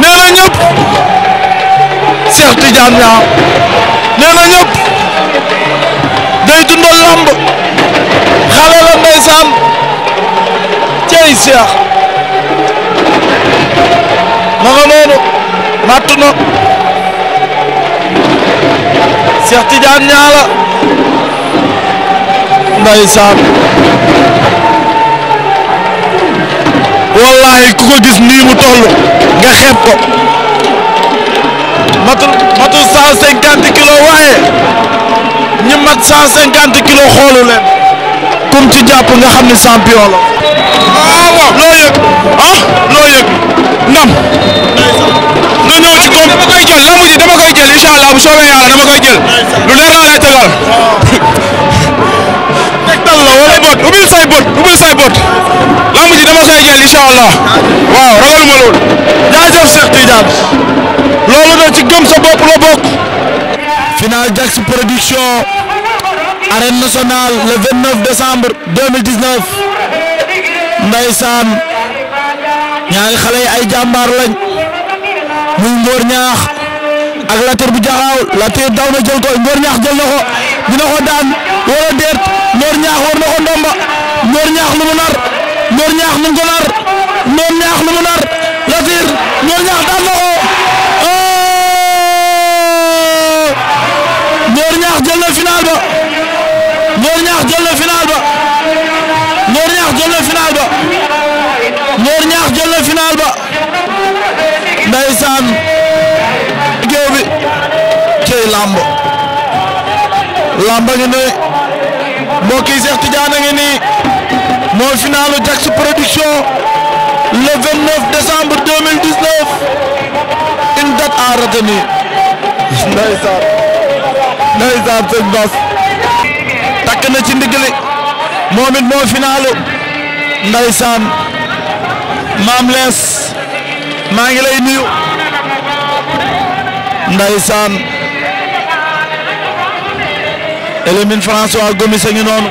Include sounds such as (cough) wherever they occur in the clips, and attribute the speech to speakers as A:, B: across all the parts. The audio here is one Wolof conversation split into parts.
A: nee na ñëpp Cheikh Tidiane Niang nee na ñëpp day lamb xale la ndeysaan cey Cheikh ma nga noonu màtt na Cheikh Tidiane Niang wallahi ku ko gis nii mu toll nga ko matul matul cent cinquante kilos waaye ñi xoolu leen comme ci jàpp nga xam ni champion la waaw waaw loo ah loo yëg ndam nga ñëw koom dama koy jël lamb dama koy jël incha bu soobee yàlla dama koy jël lu leer laa lay tegal (laughs) tegtal la wala bot say bot ubbil say bot ñaan incha allah waaw ragal ma loolu jaajëf Cheikh Tidiane loolu de ci gëm sa bopp la bokk. final Jax production arène nationale le 29 décembre 2019 Ndeysaan ñaari xale yi ay jàmbaar lañ muy Ngor Ñaax ak Latir bu Jaxaaw Latir daw na jël ko Ngor Ñaax jël na ko dina ko daan wala déet Ngor Ñaax war na ko ndomba Ngor Ñaax lu mu nar. Mor Niakh mu ngi ko nar Mor Niakh lu mu nar Latir Mor Niakh daan na ko oh! Mor Niakh jël na final ba Mor Niakh jël na final ba Mor Niakh jël na final ba Mor Niakh jël na final ba ndeysaan géew bi cey lamb lamb ngi nii mbokk yi Cheikh Tidiane ngi nii mooy finalu Jax production le 29 décembre 2019 une date à retenir. ndeysaan ndeysaan sëñ Bas. takk na ci ndigli moom it mooy finalu ndeysaan maam lees maa ngi lay nuyu ndeysaan Elimine François Gomis a ngi noonu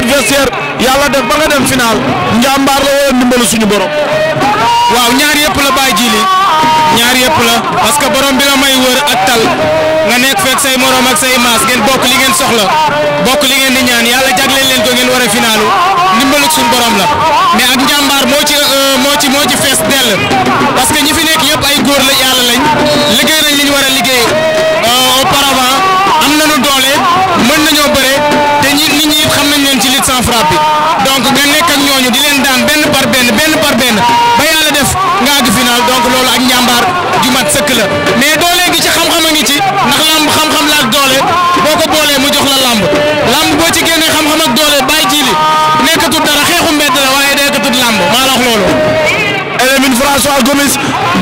A: adversaire yàlla def ba nga dem final njàmbaar la wala ndimbalu suñu borom. waaw ñaar yëpp la bàyyi jiili ñaar yëpp la parce que borom bi la may wër ak tal nga nekk fekk say morom ak say maas bokk li ngeen soxla bokk li ngeen di ñaan yàlla jagleel leen ko ngeen war a finalu ndimbalu suñu borom la mais ak njàmbaar euh, moo ci moo ci fees dell parce que ñi fi dëgg mais doole gi ci xam-xam a ngi ci ndax lamb xam-xam la ak doole boo ko boolee mu jox la lamb lamb boo ci génnee xam-xam ak doole bàyyi ji li nekkatul dara xeexu mbedd la waaye nekkatul lamb maa la wax loolu. Elimine François Gomis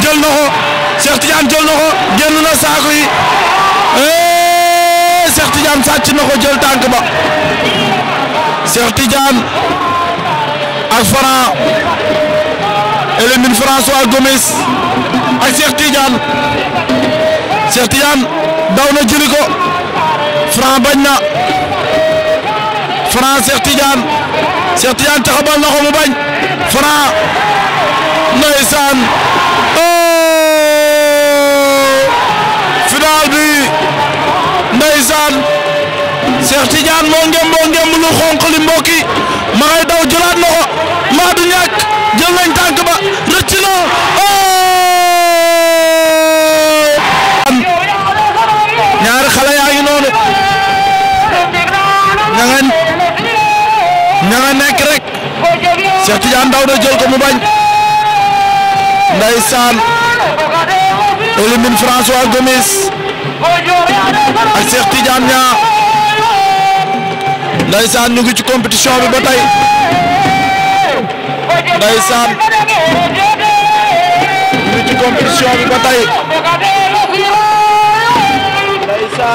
A: jël na ko Cheikh Tidiane jël na ko génn na saako yi eh, Cheikh Tidiane sàcc na ko jël tànk ak Cheikh Tidiane Cheikh Tidiane daw na jëli ko bañ na Franc Cheikh Tidiane Cheikh Tidiane taxabal na ko mu bañ Franc ndeysaan oh! final bi ndeysaan Cheikh Tidiane moo ngem moo ngem lu xonq li mbokki ma ngay daw jëlaat na ko maa du Ndeysaan daw a jël ko mu bañ Ndeysaan élimine François Gomis ak Cheikh Tidiane Niang Ndeysaan ñu ngi ci compétition bi ba tey bi ba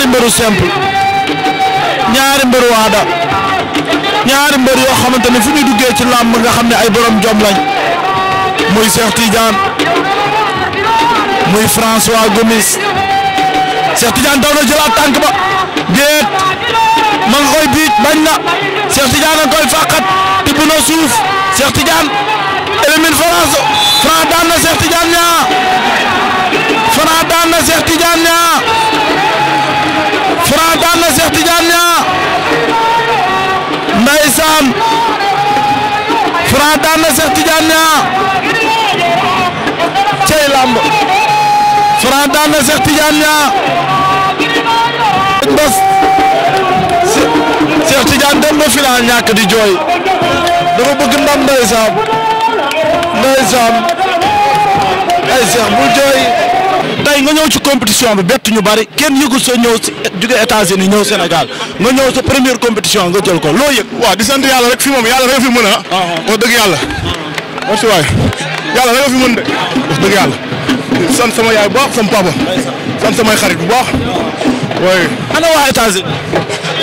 A: ñaari mbëru simple ñaari mbëru waada ñaari mbër yoo xamante ne fu ñu duggee ci làmb nga xam ne ay borom jom lañ muy Cheikh Tidiane muy François Gomis Cheikh Tidiane daw na jëlaat ba déet ma nga biit bañ na Cheikh Tidiane nga koy fàqat tibb na suuf Cheikh Tidiane élimine France Franc na Franc daan na Cheikh Tidiane Niang ndeysaan Franc daan na Cheikh Tidiane Niang cey lamb Franc daan na Cheikh Tidiane Niang bas Cheikh Tidiane dem ba final ñàkk di jooy dafa bëgg ndam ndeysaan ndeysaan ay Cheikh bu jooy tey nga ñëw ci compétition bi bett ñu bari kenn yëgul sa ñëw si jóge États-Unis ñëw Sénégal nga ñëw sa première compétition nga jël ko loo yëg. waaw di sant yàlla rek fi moom yàlla rek fi mën a. Ah, ah. wax dëgg yàlla. merci waay yàlla rek fi mën de wax dëgg yàlla. sant sama yaay bu baax sama papa. sant samay xarit bu baax. oui. ana waa États-Unis.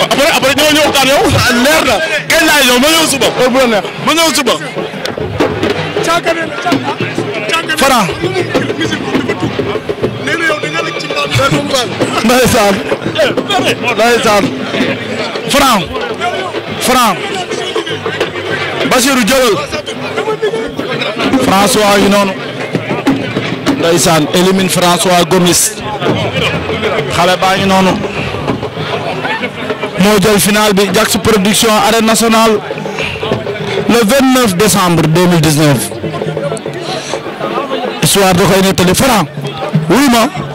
A: après après ñoo ñëw waxtaan yow. Ah, leer na kañ laay ñëw ma ñëw suba. heure ndeysaan ndeysaan Franc Franc Basiru jëlal François yi noonu ndeysaan élimine François Gomis xale baa ngi noonu moo jël final bi Jax production arène nationale le 29 décembre 2019 histoire da koy nettali Franc wuy ma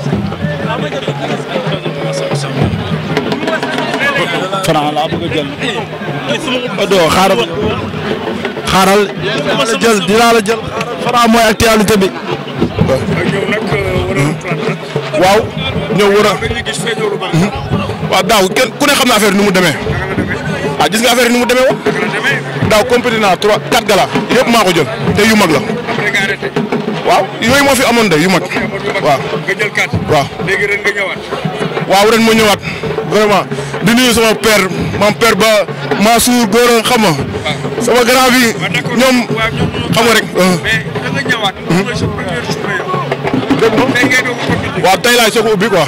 A: Franc laa bëgg jël. Odo xaaral xaaral la jël dinaa la jël. Franc mooy actualité bi. waaw ñëw war daaw kenn ku ne xam ne affaire ni mu demee. ah gis nga affaire ni mu demee woon. daaw compétit naa trois quatre gala yëpp maa ko te yu mag la. waaw yooyu moo fi amoon de yu mag waaw. nga jël waaw léegi ren nga ñëwaat. waaw ren ma ñëwaat vraiment di nuyu sama père maam père ba Mansour Gora xam nga sama grand bi ñoom xam nga rek. Euh. mais da hmm? waaw tey laay soog ubbi quoi.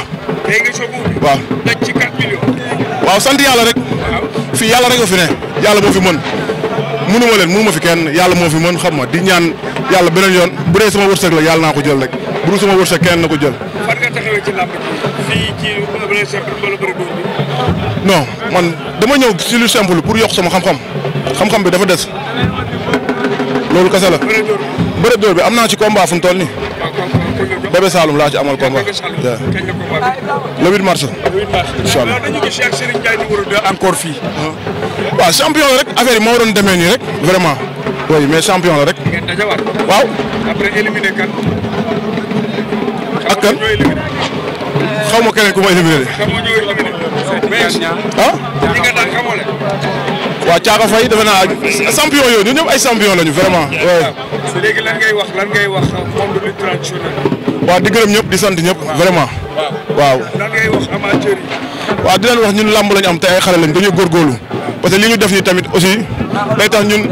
A: waaw daj yàlla rek. waaw fii yàlla rek fi ne. yàlla moo fi mën mënu ma leen mënu ma fi kenn yàlla moo fi mën xam di ñaan. yàlla beneen yoon bu dee sama wërsëg la yàlla naa ko jël rek bu dul sama wërsëg kenn na ko jël. non man dama ñëw si lu simple pour yokk sama xam-xam xam-xam bi dafa des loolu kese la. bëre bi am naa ci komba fu mu toll nii. Bébé laa ci amal combat. le 8 mars. incha allah dañu fii. waaw champion rek affaire yi moo doon demee nii rek vraiment. oui mais champion la rek. ngeen waaw. après éliminé ma keneen ku ma éliminé de. xaw ma ñoo éliminé. ah. ñi nga daan defe naa champion yooyu ñëpp ay champion lañu vraiment. waaw wax lan ngay wax monde lutte di gërëm ñëpp di sant ñëpp. vraiment. waaw lan ngay wax di leen wax ñun làmb lañu am te ay xale lañ dañuy góorgóorlu. parce que li ñu def nii tamit aussi day tax ñun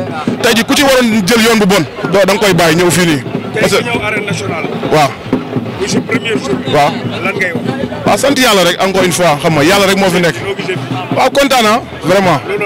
A: tey ji ku ci waroon jël yoon bu bon doo danga koy bàyyi ñëw fii nii. parce que ñëw arène sant yàlla rek encore une fois xam nga yàlla rek moo fi nekk. waaw kontaan